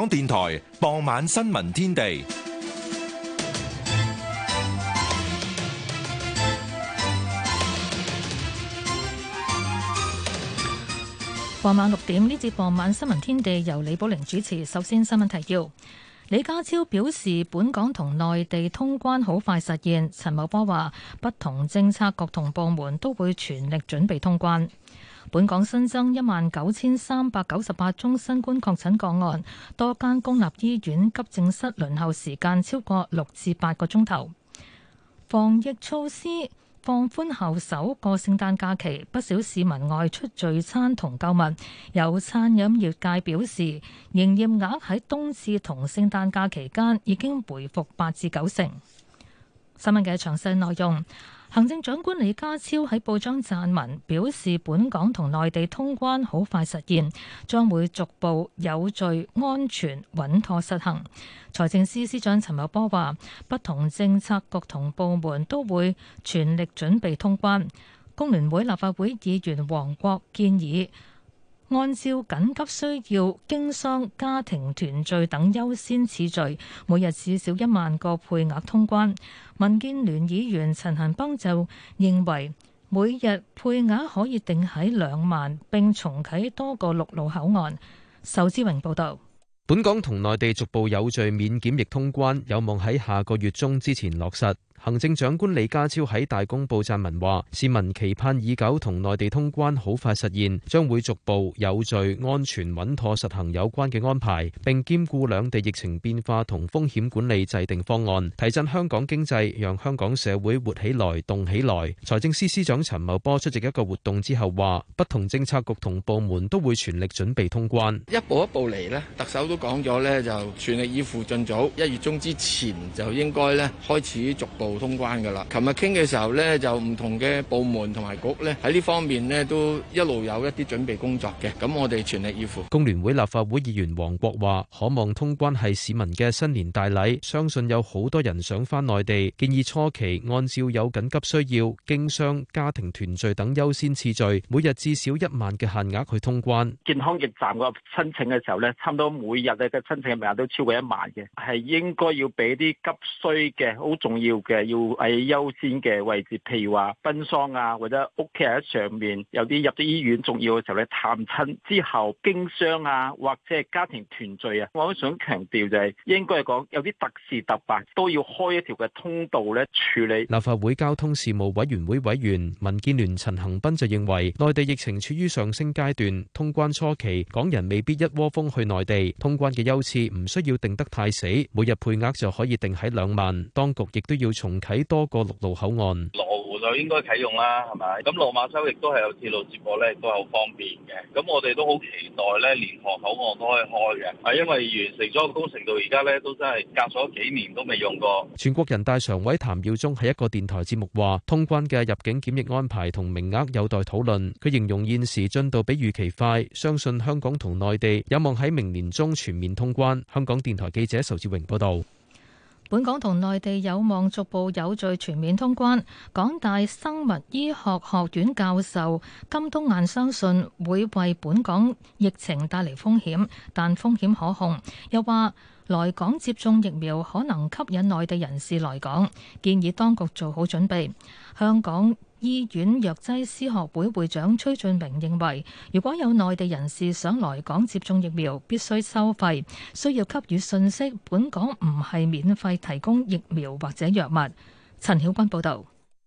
港電台傍晚新聞天地。傍晚六點，呢節傍晚新聞天地由李寶玲主持。首先新聞提要：李家超表示，本港同內地通關好快實現。陳茂波話，不同政策局同部門都會全力準備通關。本港新增一萬九千三百九十八宗新冠確診個案，多間公立醫院急症室輪候時間超過六至八個鐘頭。防疫措施放寬後首個聖誕假期，不少市民外出聚餐同購物。有餐飲業界表示，營業額喺冬至同聖誕假期間已經回復八至九成。新聞嘅詳細內容。行政長官李家超喺報章撰文表示，本港同內地通關好快實現，將會逐步有序、安全、穩妥實行。財政司司長陳茂波話，不同政策局同部門都會全力準備通關。工聯會立法會議員黃國建議，按照緊急需要、經商、家庭團聚等優先次序，每日至少一萬個配額通關。民建聯議員陳恒邦就認為，每日配額可以定喺兩萬，並重啟多個陸路口岸。仇志榮報道，本港同內地逐步有序免檢疫通關，有望喺下個月中之前落實。行政長官李家超喺大公報撰文話：市民期盼已久同內地通關好快實現，將會逐步有序、安全、穩妥實行有關嘅安排，並兼顧兩地疫情變化同風險管理，制定方案，提振香港經濟，讓香港社會活起來、動起來。財政司司長陳茂波出席一個活動之後話：不同政策局同部門都會全力準備通關，一步一步嚟咧。特首都講咗咧，就全力以赴盡早，一月中之前就應該咧開始逐步。通關㗎啦！琴日傾嘅時候咧，就唔同嘅部門同埋局咧，喺呢方面咧都一路有一啲準備工作嘅。咁我哋全力以赴。工聯會立法會議員黃國華，渴望通關係市民嘅新年大禮，相信有好多人想返內地。建議初期按照有緊急需要、經商、家庭團聚等優先次序，每日至少一萬嘅限額去通關。健康驛站個申請嘅時候咧，差唔多每日嘅申請嘅人數都超過一萬嘅，係應該要俾啲急需嘅、好重要嘅。要喺優先嘅位置，譬如話奔喪啊，或者屋企人喺上面有啲入咗醫院重要嘅時候咧，探親，之後經商啊，或者係家庭團聚啊，我都想強調就係應該係講有啲特事特辦都要開一條嘅通道咧處理。立法會交通事務委員會委員民建聯陳恆斌就認為，內地疫情處於上升階段，通關初期港人未必一窩蜂去內地，通關嘅優次唔需要定得太死，每日配額就可以定喺兩萬，當局亦都要從重啟多個陸路口岸，羅湖就應該啟用啦，係咪？咁落馬洲亦都係有鐵路接駁咧，都係好方便嘅。咁我哋都好期待咧，蓮塘口岸都可以開嘅。係因為完成咗個工程到而家咧，都真係隔咗幾年都未用過。全國人大常委譚耀宗喺一個電台節目話，通關嘅入境檢疫安排同名額有待討論。佢形容現時進度比預期快，相信香港同內地有望喺明年中全面通關。香港電台記者仇志榮報道。本港同內地有望逐步有序全面通關。港大生物醫學學院教授金冬雁相信會為本港疫情帶嚟風險，但風險可控。又話來港接種疫苗可能吸引內地人士來港，建議當局做好準備。香港。醫院藥劑師學會會長崔俊明認為，如果有內地人士想來港接種疫苗，必須收費，需要給予信息。本港唔係免費提供疫苗或者藥物。陳曉君報道。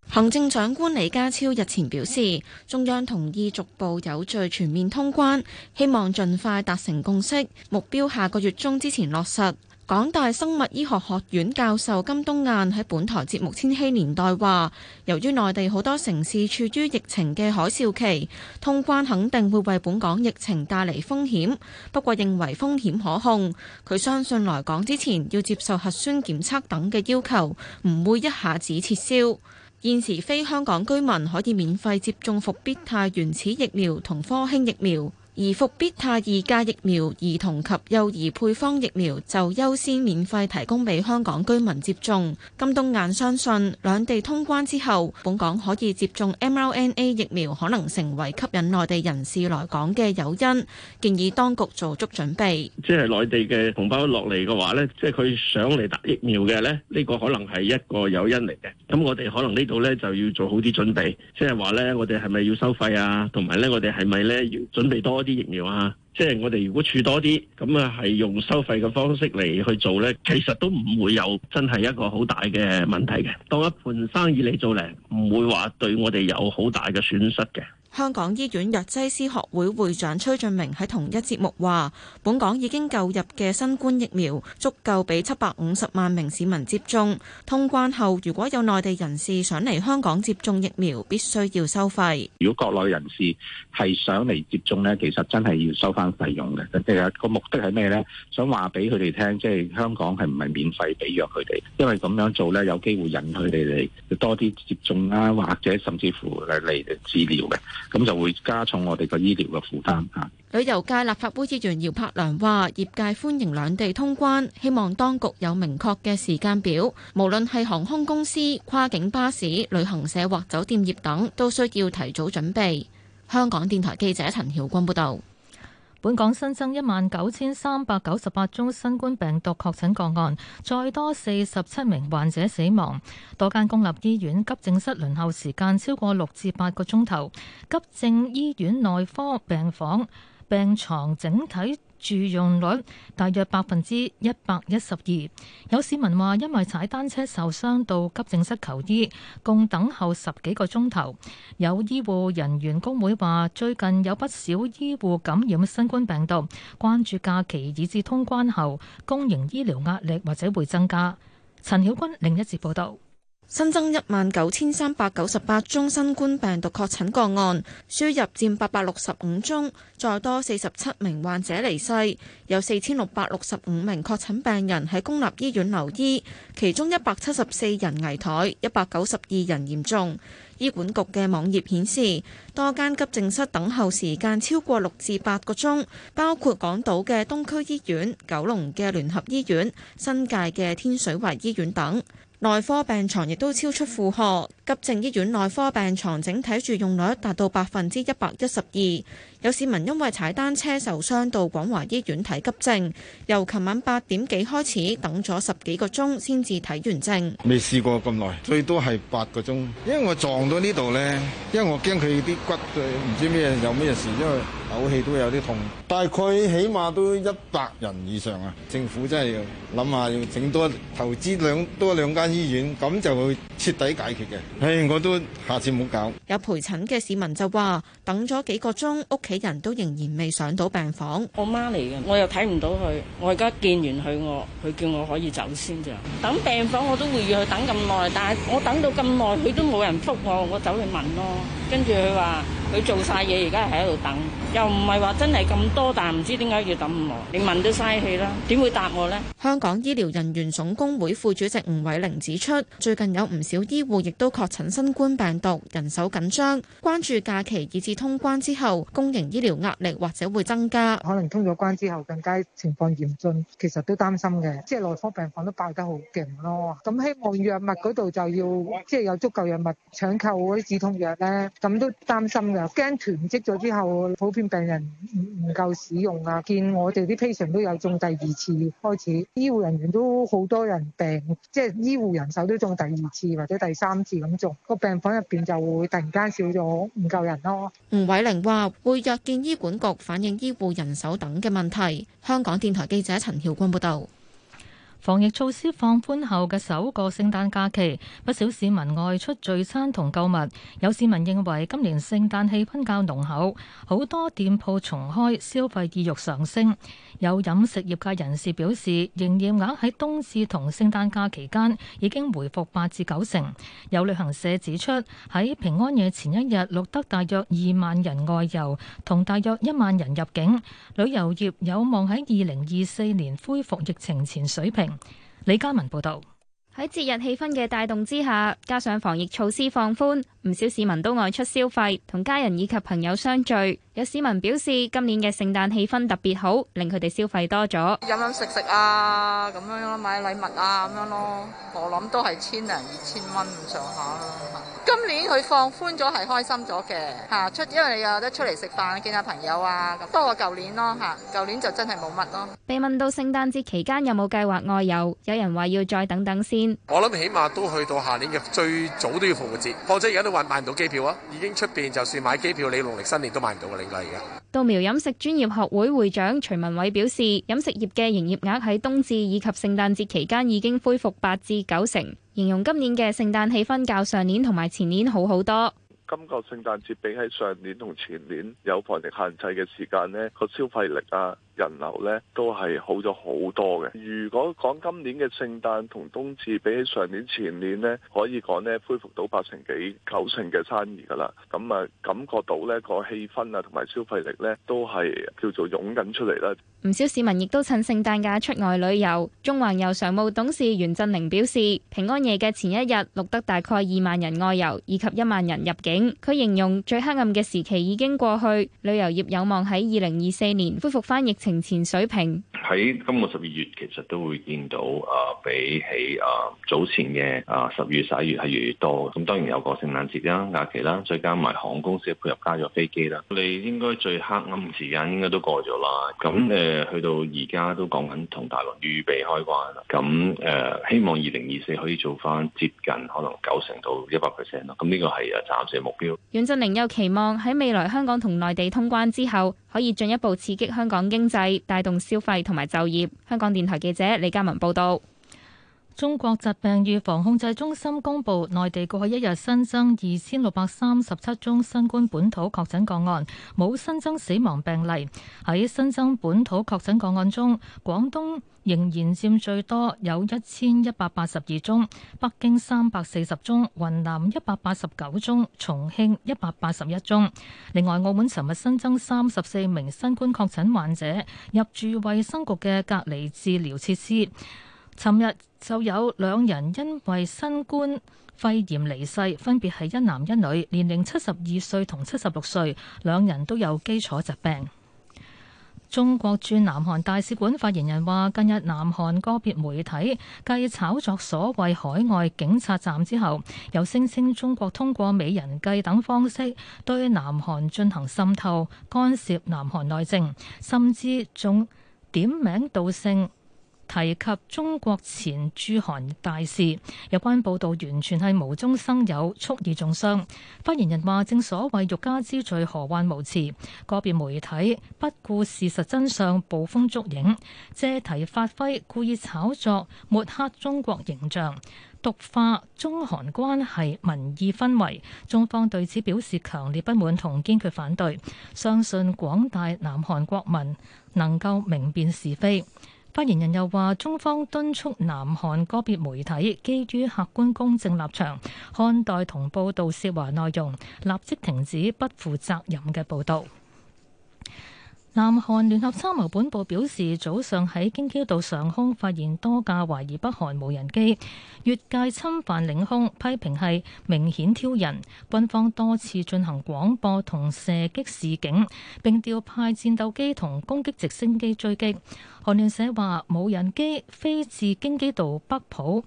行政長官李家超日前表示，中央同意逐步有序全面通關，希望盡快達成共識，目標下個月中之前落實。港大生物醫學學院教授金冬雁喺本台節目《千禧年代》話，由於內地好多城市處於疫情嘅海嘯期，通關肯定會為本港疫情帶嚟風險，不過認為風險可控，佢相信來港之前要接受核酸檢測等嘅要求，唔會一下子撤銷，現時非香港居民可以免費接種復必泰原始疫苗同科興疫苗。而復必泰二價疫苗兒童及幼兒配方疫苗就優先免費提供俾香港居民接種。金冬雁相信兩地通關之後，本港可以接種 mRNA 疫苗，可能成為吸引內地人士來港嘅誘因，建議當局做足準備。即係內地嘅同胞落嚟嘅話咧，即係佢想嚟打疫苗嘅咧，呢個可能係一個誘因嚟嘅。咁我哋可能呢度咧就要做好啲準備，即係話咧，我哋係咪要收費啊？同埋咧，我哋係咪咧要準備多？ 多啲疫苗啊，即係我哋如果儲多啲，咁啊係用收費嘅方式嚟去做咧，其實都唔會有真係一個好大嘅問題嘅，當一盤生意嚟做咧，唔會話對我哋有好大嘅損失嘅。香港醫院藥劑師學會會長崔俊明喺同一節目話，本港已經購入嘅新冠疫苗足夠畀750咁就會加重我哋個醫療嘅負擔。旅遊界立法會議員姚柏良話：業界歡迎兩地通關，希望當局有明確嘅時間表。無論係航空公司、跨境巴士、旅行社或酒店業等，都需要提早準備。香港電台記者陳曉君報道。本港新增一萬九千三百九十八宗新冠病毒確診個案，再多四十七名患者死亡。多間公立醫院急症室輪候時間超過六至八個鐘頭，急症醫院內科病房病床整體。住用率大約百分之一百一十二。有市民話，因為踩單車受傷到急症室求醫，共等候十幾個鐘頭。有醫護人員工會話，最近有不少醫護感染新冠病毒，關注假期以至通關後公營醫療壓力或者會增加。陳曉君另一節報道。新增一萬九千三百九十八宗新冠病毒確診個案，輸入佔八百六十五宗，再多四十七名患者離世，有四千六百六十五名確診病人喺公立醫院留醫，其中一百七十四人危殆，一百九十二人嚴重。醫管局嘅網頁顯示，多間急症室等候時間超過六至八個鐘，包括港島嘅東區醫院、九龍嘅聯合醫院、新界嘅天水圍醫院等。內科病床亦都超出負荷。急症醫院內科病床整體住用率達到百分之一百一十二，有市民因為踩單車受傷到廣華醫院睇急症，由琴晚八點幾開始等咗十幾個鐘先至睇完症，未試過咁耐，最多係八個鐘，因為我撞到呢度呢，因為我驚佢啲骨對唔知咩有咩事，因為口氣都有啲痛，大概起碼都一百人以上啊，政府真係要諗下要整多投資兩多兩間醫院，咁就會徹底解決嘅。唉，我都下次唔好搞。有陪診嘅市民就話。等咗幾個鐘，屋企人都仍然未上到病房。我媽嚟嘅，我又睇唔到佢。我而家見完佢，我佢叫我可以走先咋。等病房我都會要等咁耐，但係我等到咁耐，佢都冇人復我，我走去問咯。跟住佢話佢做晒嘢，而家係喺度等，又唔係話真係咁多，但唔知點解要等咁耐。你問都嘥氣啦，點會答我呢？香港醫療人員總工會副主席吳偉玲指出，最近有唔少醫護亦都確診新冠病毒，人手緊張，關注假期以至。通關之後，公營醫療壓力或者會增加，可能通咗關之後更加情況嚴峻。其實都擔心嘅，即係內科病房都爆得好勁咯。咁希望藥物嗰度就要即係有足夠藥物搶購嗰啲止痛藥咧，咁都擔心嘅，驚囤積咗之後，普遍病人唔唔夠使用啊。見我哋啲 patient 都有中第二次開始，醫護人員都好多人病，即係醫護人手都中第二次或者第三次咁，中個病房入邊就會突然間少咗唔夠人咯。吳偉玲話會約見醫管局，反映醫護人手等嘅問題。香港電台記者陳曉君報道。防疫措施放寬後嘅首個聖誕假期，不少市民外出聚餐同購物。有市民認為今年聖誕氣氛較濃厚，好多店鋪重開，消費意慾上升。有飲食業界人士表示，營業額喺冬至同聖誕假期間已經回復八至九成。有旅行社指出，喺平安夜前一日錄得大約二萬人外遊同大約一萬人入境，旅遊業有望喺二零二四年恢復疫情前水平。李嘉文報道：喺節日氣氛嘅帶動之下，加上防疫措施放寬，唔少市民都外出消費，同家人以及朋友相聚。有市民表示，今年嘅聖誕氣氛特別好，令佢哋消費多咗，飲飲食食啊，咁樣咯，買禮物啊，咁樣咯，我諗都係千零二千蚊咁上下啦。今年佢放寬咗，係開心咗嘅，吓、啊、出，因為你又得出嚟食飯，見下朋友啊，咁、啊、多過舊年咯，吓、啊，舊年就真係冇乜咯。被問到聖誕節期間有冇計劃外遊，有人話要再等等先。我諗起碼都去到下年嘅最早都要復活節，況且而家都話買唔到機票啊，已經出面就算買機票，你農曆新年都買唔到嘅。稻苗飲食專業學會會長徐文偉表示，飲食業嘅營業額喺冬至以及聖誕節期間已經恢復八至九成，形容今年嘅聖誕氣氛較上年同埋前年好好多。今個聖誕節比喺上年同前年有防疫限制嘅時間呢，個消費力啊。人流呢都係好咗好多嘅。如果講今年嘅聖誕同冬至比起上年前年呢，可以講呢恢復到八成幾九成嘅生意噶啦咁啊，感覺到呢個氣氛啊同埋消費力呢都係叫做湧緊出嚟啦。唔少市民亦都趁聖誕假出外旅遊，中環遊常務董事袁振寧表示，平安夜嘅前一日錄得大概二萬人外遊以及一萬人入境。佢形容最黑暗嘅時期已經過去，旅遊業有望喺二零二四年恢復翻疫情平前水平。喺今個十二月其實都會見到啊，比起啊早前嘅啊十月十一月係越嚟越多。咁當然有個聖誕節啦、假期啦，再加埋航空公司配合加咗飛機啦。你應該最黑暗時間應該都過咗啦。咁誒，去到而家都講緊同大陸預備開關啦。咁誒，希望二零二四可以做返接近可能九成到一百 percent 咯。咁呢個係啊暫時目標。阮振寧又期望喺未來香港同內地通關之後，可以進一步刺激香港經濟，帶動消費同埋。就業。香港電台記者李嘉文報道。中國疾病預防控制中心公布，內地過去一日新增二千六百三十七宗新冠本土確診個案，冇新增死亡病例。喺新增本土確診個案中，廣東仍然佔最多，有一千一百八十二宗；北京三百四十宗，雲南一百八十九宗，重慶一百八十一宗。另外，澳門尋日新增三十四名新冠確診患者，入住衛生局嘅隔離治療設施。尋日，就有兩人因為新冠肺炎離世，分別係一男一女，年齡七十二歲同七十六歲，兩人都有基礎疾病。中國駐南韓大使館發言人話：近日南韓個別媒體繼炒作所謂海外警察站之後，又聲稱中國通過美人計等方式對南韓進行滲透、干涉南韓內政，甚至仲點名道姓。提及中國前駐韓大使，有關報導完全係無中生有、蓄意中傷。發言人話：正所謂欲加之罪，何患無辭？個別媒體不顧事實真相，捕風捉影，借題發揮，故意炒作，抹黑中國形象，毒化中韓關係民意氛圍。中方對此表示強烈不滿同堅決反對。相信廣大南韓國民能夠明辨是非。發言人又話：中方敦促南韓個別媒體基於客觀公正立場，看待同報導涉華內容，立即停止不負責任嘅報導。南韓聯合參謀本部表示，早上喺京畿道上空發現多架懷疑北韓無人機越界侵犯領空，批評係明顯挑釁。軍方多次進行廣播同射擊示警，並調派戰鬥機同攻擊直升機追擊。韓聯社話，無人機飛至京畿道北浦、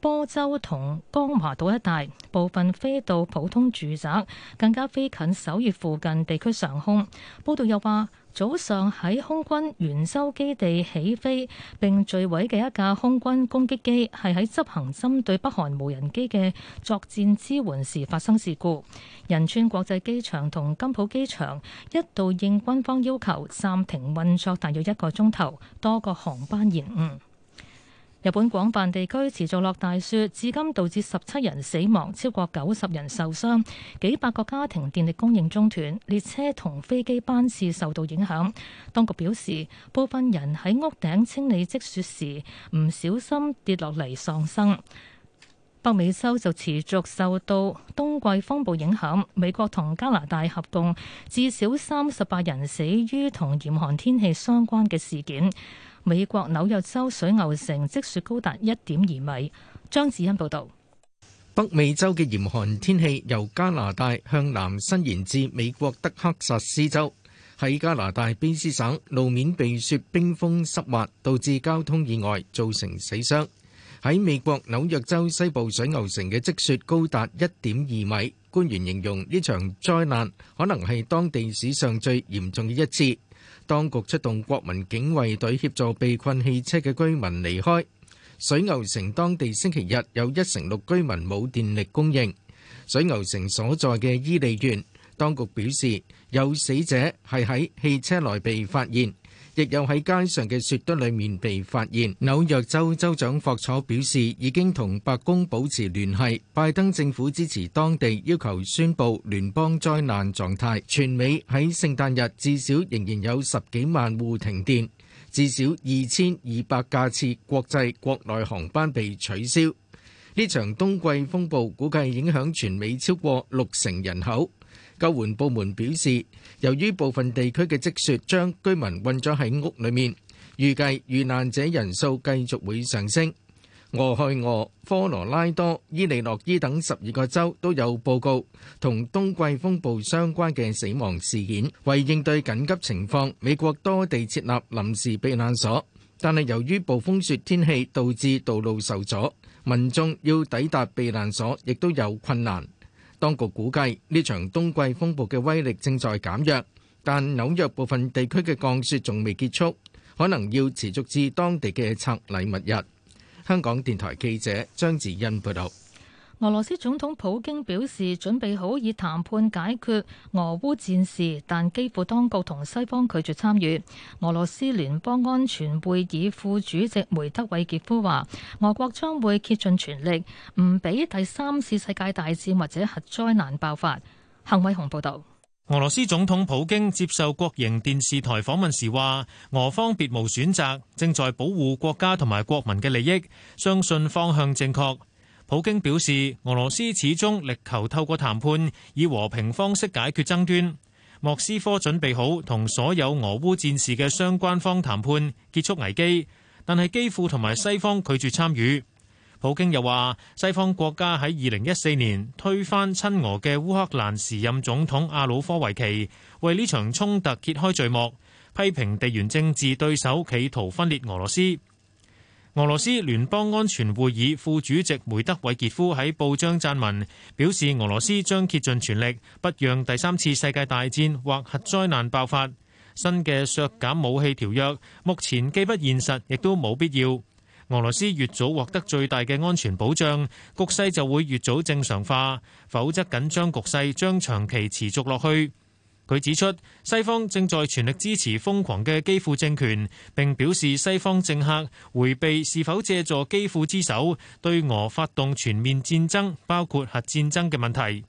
波州同江華島一帶，部分飛到普通住宅，更加飛近首爾附近地區上空。報道又話，早上喺空軍援修基地起飛並墜毀嘅一架空軍攻擊機，係喺執行針對北韓無人機嘅作戰支援時發生事故。仁川國際機場同金浦機場一度應軍方要求暫停運作大約一個鐘頭，多個航班延誤。日本廣泛地區持續落大雪，至今導致十七人死亡，超過九十人受傷，幾百個家庭電力供應中斷，列車同飛機班次受到影響。當局表示，部分人喺屋頂清理積雪時唔小心跌落嚟喪生。北美洲就持續受到冬季風暴影響，美國同加拿大合共，至少三十八人死於同嚴寒天氣相關嘅事件。美國紐約州水牛城積雪高達一點二米，張子欣報道。北美洲嘅嚴寒天氣由加拿大向南伸延至美國德克薩斯州。喺加拿大卑斯省，路面被雪冰封濕滑，導致交通意外，造成死傷。喺美國紐約州西部水牛城嘅積雪高達一點二米，官員形容呢場災難可能係當地史上最嚴重嘅一次。當局出動國民警衛隊協助被困汽車嘅居民離開。水牛城當地星期日有一成六居民冇電力供應。水牛城所在嘅伊利縣當局表示，有死者係喺汽車內被發現。亦有喺街上嘅雪堆裡面被發現。紐約州州長霍楚表示，已經同白宮保持聯繫，拜登政府支持當地要求宣佈聯邦災難狀態。全美喺聖誕日至少仍然有十幾萬戶停電，至少二千二百架次國際國內航班被取消。呢場冬季風暴估計影響全美超過六成人口。救援部門表示，由於部分地區嘅積雪將居民困咗喺屋裏面，預計遇難者人數繼續會上升。俄亥俄、科羅拉多、伊利諾伊等十二個州都有報告同冬季風暴相關嘅死亡事件。為應對緊急情況，美國多地設立臨時避難所，但係由於暴風雪天氣導致道路受阻，民眾要抵達避難所亦都有困難。當局估計，呢場冬季風暴嘅威力正在減弱，但紐約部分地區嘅降雪仲未結束，可能要持續至當地嘅拆禮物日。香港電台記者張智欣報導。俄羅斯總統普京表示準備好以談判解決俄烏戰事，但基輔當局同西方拒絕參與。俄羅斯聯邦安全會議副主席梅德韋傑夫話：俄國將會竭盡全力，唔俾第三次世界大戰或者核災難爆發。幸偉雄報道。俄羅斯總統普京接受國營電視台訪問時話：俄方別無選擇，正在保護國家同埋國民嘅利益，相信方向正確。普京表示，俄羅斯始終力求透過談判以和平方式解決爭端。莫斯科準備好同所有俄烏戰事嘅相關方談判，結束危機。但係基輔同埋西方拒絕參與。普京又話，西方國家喺二零一四年推翻親俄嘅烏克蘭時任總統亞努科維奇，為呢場衝突揭開序幕，批評地緣政治對手企圖分裂俄羅斯。俄羅斯聯邦安全會議副主席梅德韋傑夫喺報章撰文表示，俄羅斯將竭盡全力，不讓第三次世界大戰或核災難爆發。新嘅削減武器條約目前既不現實，亦都冇必要。俄羅斯越早獲得最大嘅安全保障，局勢就會越早正常化，否則緊張局勢將長期持續落去。佢指出，西方正在全力支持瘋狂嘅基輔政權，並表示西方政客回避是否借助基輔之手對俄發動全面戰爭，包括核戰爭嘅問題。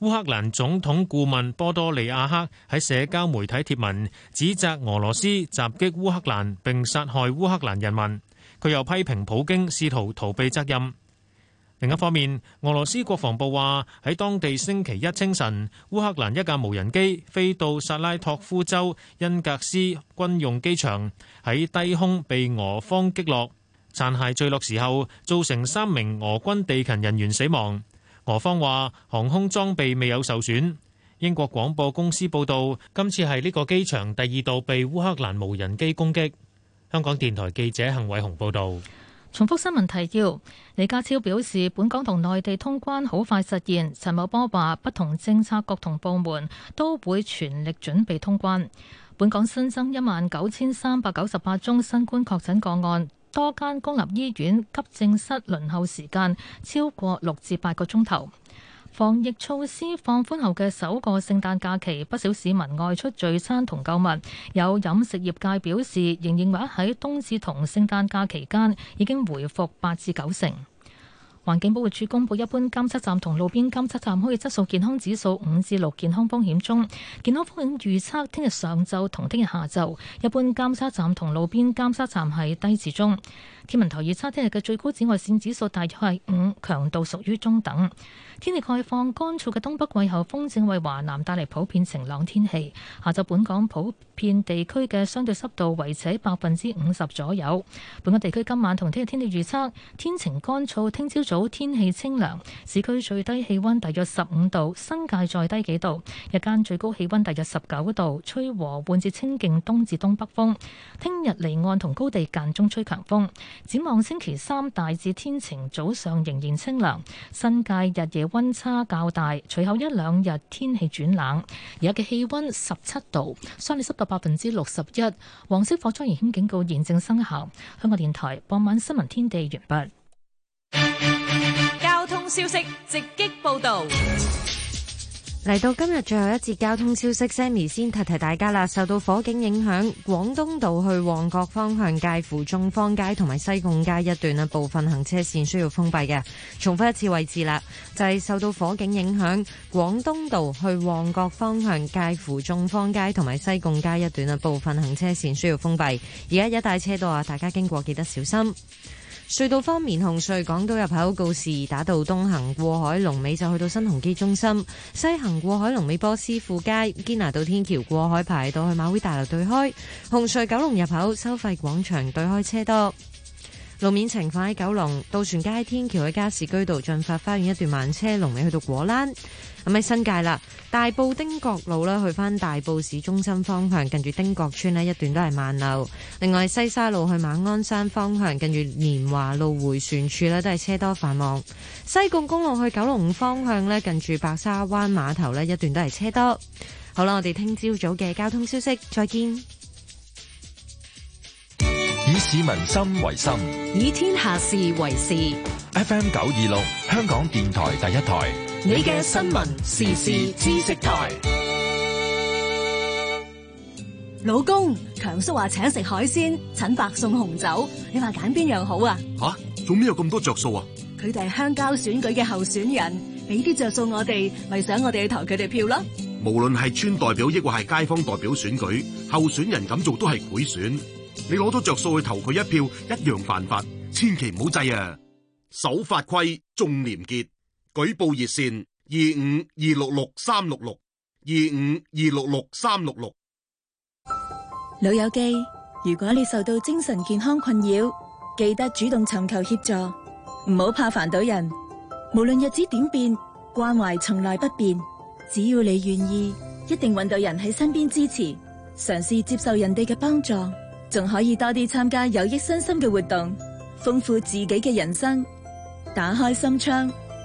烏克蘭總統顧問波多利亞克喺社交媒體貼文，指責俄羅斯襲擊烏克蘭並殺害烏克蘭人民。佢又批評普京試圖逃避責任。另一方面，俄羅斯國防部話喺當地星期一清晨，烏克蘭一架無人機飛到薩拉托夫州恩格斯軍用機場，喺低空被俄方擊落，殘骸墜落時候造成三名俄軍地勤人員死亡。俄方話航空裝備未有受損。英國廣播公司報道，今次係呢個機場第二度被烏克蘭無人機攻擊。香港電台記者幸偉雄報道。重複新聞提要。李家超表示，本港同內地通關好快實現。陳茂波話，不同政策局同部門都會全力準備通關。本港新增一萬九千三百九十八宗新冠確診個案，多間公立醫院急症室輪候時間超過六至八個鐘頭。防疫措施放寬後嘅首個聖誕假期，不少市民外出聚餐同購物。有飲食業界表示，營業額喺冬至同聖誕假期間已經回復八至九成。環境保護署公布，一般監測站同路邊監測站空氣質素健康指數五至六，健康風險中。健康風險預測，聽日上晝同聽日下晝，一般監測站同路邊監測站係低至中。天文台預測，聽日嘅最高紫外線指數大約係五，強度屬於中等。天氣概況，乾燥嘅東北季候風正為華南帶嚟普遍晴朗天氣。下晝本港普遍地區嘅相對濕度維持喺百分之五十左右。本港地區今晚同聽日天氣預測，天晴乾燥，聽朝早。好，天氣清涼，市區最低氣温大約十五度，新界再低幾度。日間最高氣温大約十九度，吹和緩至清勁東至東北風。聽日離岸同高地間中吹強風。展望星期三大致天晴，早上仍然清涼，新界日夜温差較大。隨後一兩日天氣轉冷，而家嘅氣温十七度，相對濕度百分之六十一。黃色火災危險警告現正生效。香港電台傍晚新聞天地完畢。消息直擊報道，嚟到今日最後一節交通消息，Sammy 先提提大家啦。受到火警影響，廣東道去旺角方向介乎眾坊街同埋西貢街一段啊，部分行車線需要封閉嘅。重複一次位置啦，就係受到火警影響，廣東道去旺角方向介乎眾坊街同埋西貢街一段啊，部分行車線需要封閉。而家一帶車道啊，大家經過記得小心。隧道方面，紅隧港島入口告士打道東行過海龍尾就去到新鴻基中心；西行過海龍尾波斯富街堅拿道天橋過海排到去馬會大樓對開。紅隧九龍入口收費廣場對開車多，路面情況喺九龍渡船街天橋喺加士居道駿發花園一段慢車龍尾去到果欄。咁喺新界啦，大埔丁角路咧去翻大埔市中心方向，近住丁角村呢一段都係慢流。另外西沙路去馬鞍山方向，近住年華路回旋處呢，都係車多繁忙。西貢公路去九龍方向呢，近住白沙灣碼頭呢一段都係車多。好啦，我哋聽朝早嘅交通消息，再見。以市民心為心，以天下事為事。FM 九二六，香港電台第一台。你嘅新聞時事知識台，老公強叔話請食海鮮，陳伯送紅酒，你話揀邊樣好啊？吓，做咩有咁多着數啊？佢哋係鄉郊選舉嘅候選人，俾啲着數我哋，咪想我哋去投佢哋票咯。無論係村代表抑或係街坊代表選舉，候選人咁做都係賄選，你攞到着數去投佢一票，一樣犯法，千祈唔好制啊！守法規，仲廉潔。舉報熱線二五二六六三六六二五二六六三六六。老友記，如果你受到精神健康困擾，記得主動尋求協助，唔好怕煩到人。無論日子點變，關懷從來不變。只要你願意，一定揾到人喺身邊支持。嘗試接受人哋嘅幫助，仲可以多啲參加有益身心嘅活動，豐富自己嘅人生，打開心窗。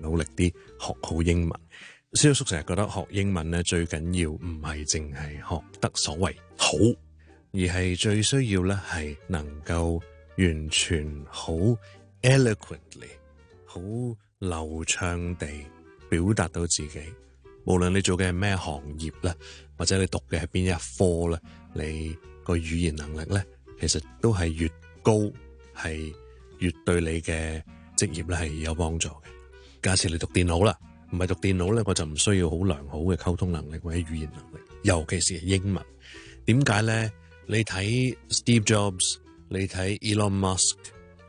努力啲學好英文。蕭叔成日覺得學英文咧最緊要唔係淨係學得所謂好，而係最需要咧係能夠完全好 eloquently 好流暢地表達到自己。無論你做嘅係咩行業咧，或者你讀嘅係邊一科咧，你個語言能力咧，其實都係越高係越對你嘅職業咧係有幫助嘅。假設你讀電腦啦，唔係讀電腦咧，我就唔需要好良好嘅溝通能力或者語言能力，尤其是英文。點解咧？你睇 Steve Jobs，你睇 Elon Musk，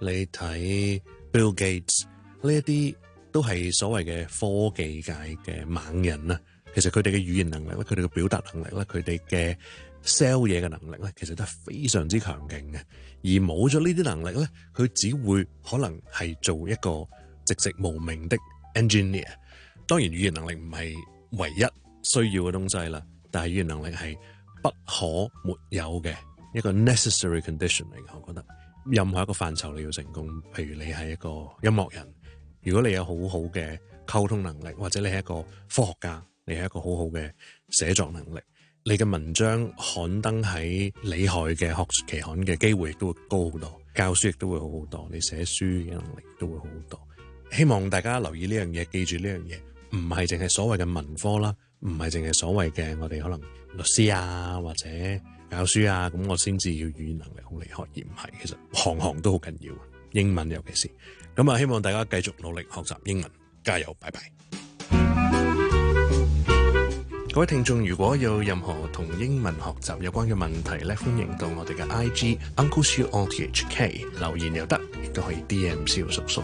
你睇 Bill Gates，呢一啲都係所謂嘅科技界嘅猛人啊！其實佢哋嘅語言能力咧，佢哋嘅表達能力咧，佢哋嘅 sell 嘢嘅能力咧，其實都係非常之強勁嘅。而冇咗呢啲能力咧，佢只會可能係做一個。籍籍無名的 engineer，當然語言能力唔係唯一需要嘅東西啦，但係語言能力係不可沒有嘅一個 necessary condition 嚟嘅。我覺得任何一個範疇，你要成功，譬如你係一個音樂人，如果你有好好嘅溝通能力，或者你係一個科學家，你係一個好好嘅寫作能力，你嘅文章刊登喺厲害嘅學期刊嘅機會亦都會高好多，教書亦都會好好多，你寫書嘅能力都會好好多。希望大家留意呢樣嘢，記住呢樣嘢，唔係淨係所謂嘅文科啦，唔係淨係所謂嘅我哋可能律師啊或者教書啊，咁我先至要語言能力好厲害，而唔係其實行行都好緊要。英文尤其是咁啊，希望大家繼續努力學習英文，加油！拜拜。各位聽眾，如果有任何同英文學習有關嘅問題咧，歡迎到我哋嘅 I G Uncle Siu O T H K 留言又得，亦都可以 D M 蕭叔叔。